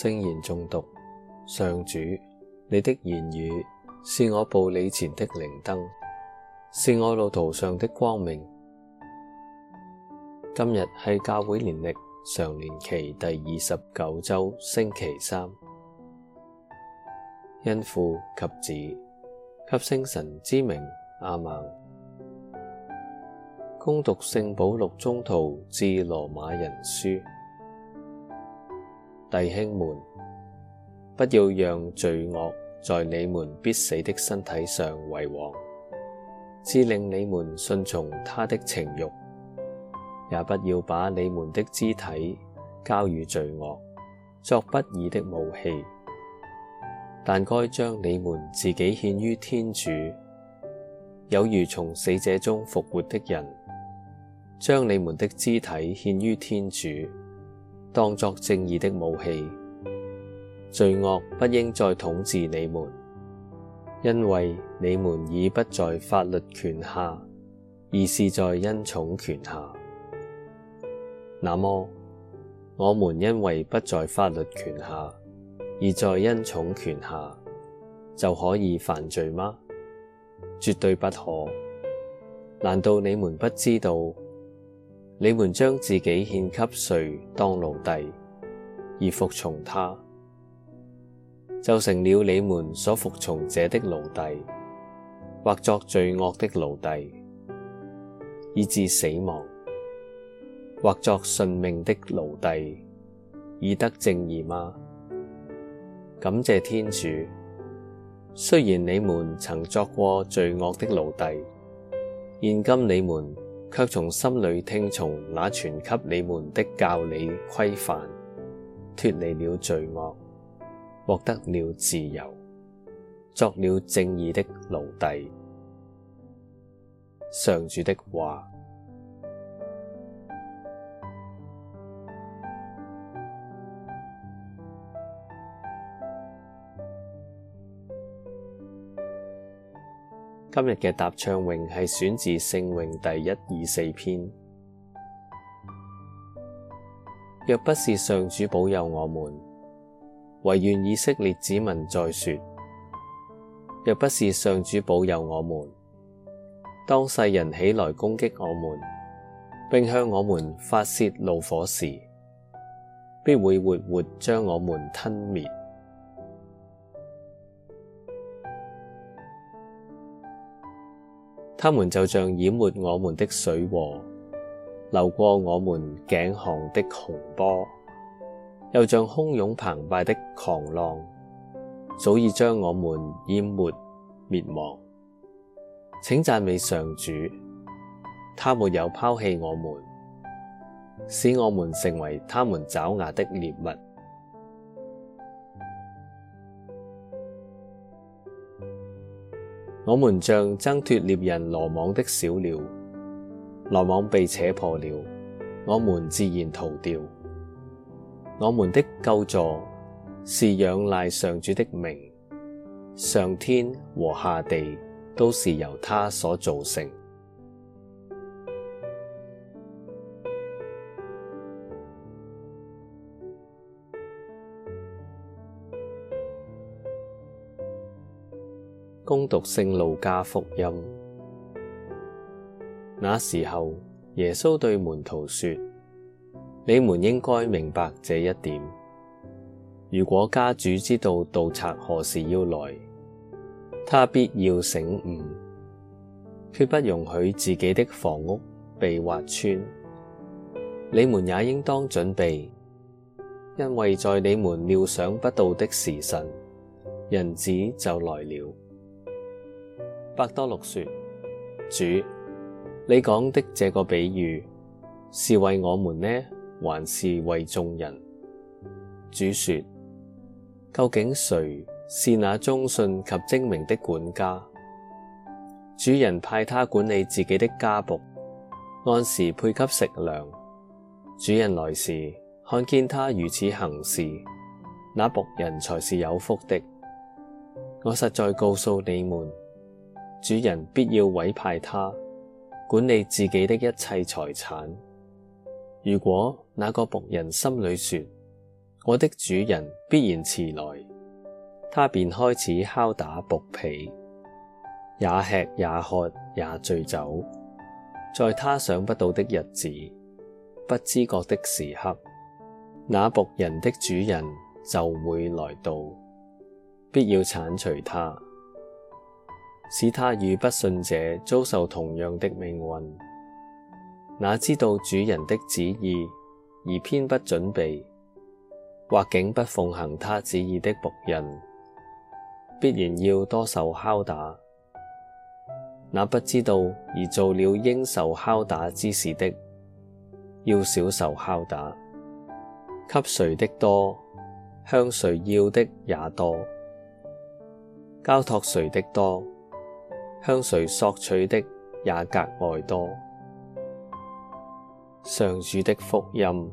聖言誦讀。上主，你的言語是我步履前的靈燈，是我路途上的光明。今日係教會年曆常年期第二十九周星期三，因父及子及聖神之名阿門。恭讀聖保祿宗徒致羅馬人書。弟兄們，不要讓罪惡在你們必死的身體上為王，致令你們順從他的情欲；也不要把你們的肢體交予罪惡，作不義的武器。但該將你們自己獻於天主，有如從死者中復活的人，將你們的肢體獻於天主。當作正義的武器，罪惡不應再統治你們，因為你們已不在法律權下，而是在恩寵權下。那麼，我們因為不在法律權下，而在恩寵權下，就可以犯罪嗎？絕對不可！難道你們不知道？你們將自己獻給誰當奴隸，而服從他，就成了你們所服從者的奴隸，或作罪惡的奴隸，以致死亡；或作順命的奴隸，以得正義嗎？感謝天主，雖然你們曾作過罪惡的奴隸，現今你們，卻從心裏聽從那傳給你們的教理規範，脫離了罪惡，獲得了自由，作了正義的奴隸。上主的話。今日嘅答唱詠，係選自聖詠第一二四篇。若不是上主保佑我們，唯願以色列子民再說：若不是上主保佑我們，當世人起來攻擊我們，並向我們發洩怒火時，必會活活將我們吞滅。他們就像淹沒我們的水和流過我們頸項的洪波，又像洶湧澎，澎湃的狂浪，早已將我們淹沒滅亡。請讚美上主，他沒有拋棄我們，使我們成為他們爪牙的獵物。我們像掙脫獵人羅網的小鳥，羅網被扯破了，我們自然逃掉。我們的救助是仰賴上主的名，上天和下地都是由他所造成。恭讀《聖路加福音》，那時候耶穌對門徒說：你們應該明白這一點。如果家主知道盜賊何時要來，他必要醒寤，決不容許自己的房屋被挖穿。你們也應當準備，因為在你們料想不到的時辰，人子就來了。伯多祿說：主，你講的這個比喻是為我們呢，還是為眾人？主說：究竟誰是那忠信及精明的管家？主人派他管理自己的家僕，按時配給食糧。主人來時，看見他如此行事，那僕人才是有福的。我實在告訴你們。主人必要委派他，管理自己的一切財產。如果那個僕人心裏說：我的主人必然遲來，他便開始敲打僕婢，也吃也喝也醉酒。在他想不到的日子，不知覺的時刻，那僕人的主人就會來到，必要鏟除他。使他與不信者遭受同樣的命運。那知道主人的旨意而偏不準備，或竟不奉行他旨意的僕人，必然要多受拷打。那不知道而做了應受拷打之事的，要少受拷打。給誰的多，向誰要的也多；交託誰的多。向誰索取的也格外多，上主的福音。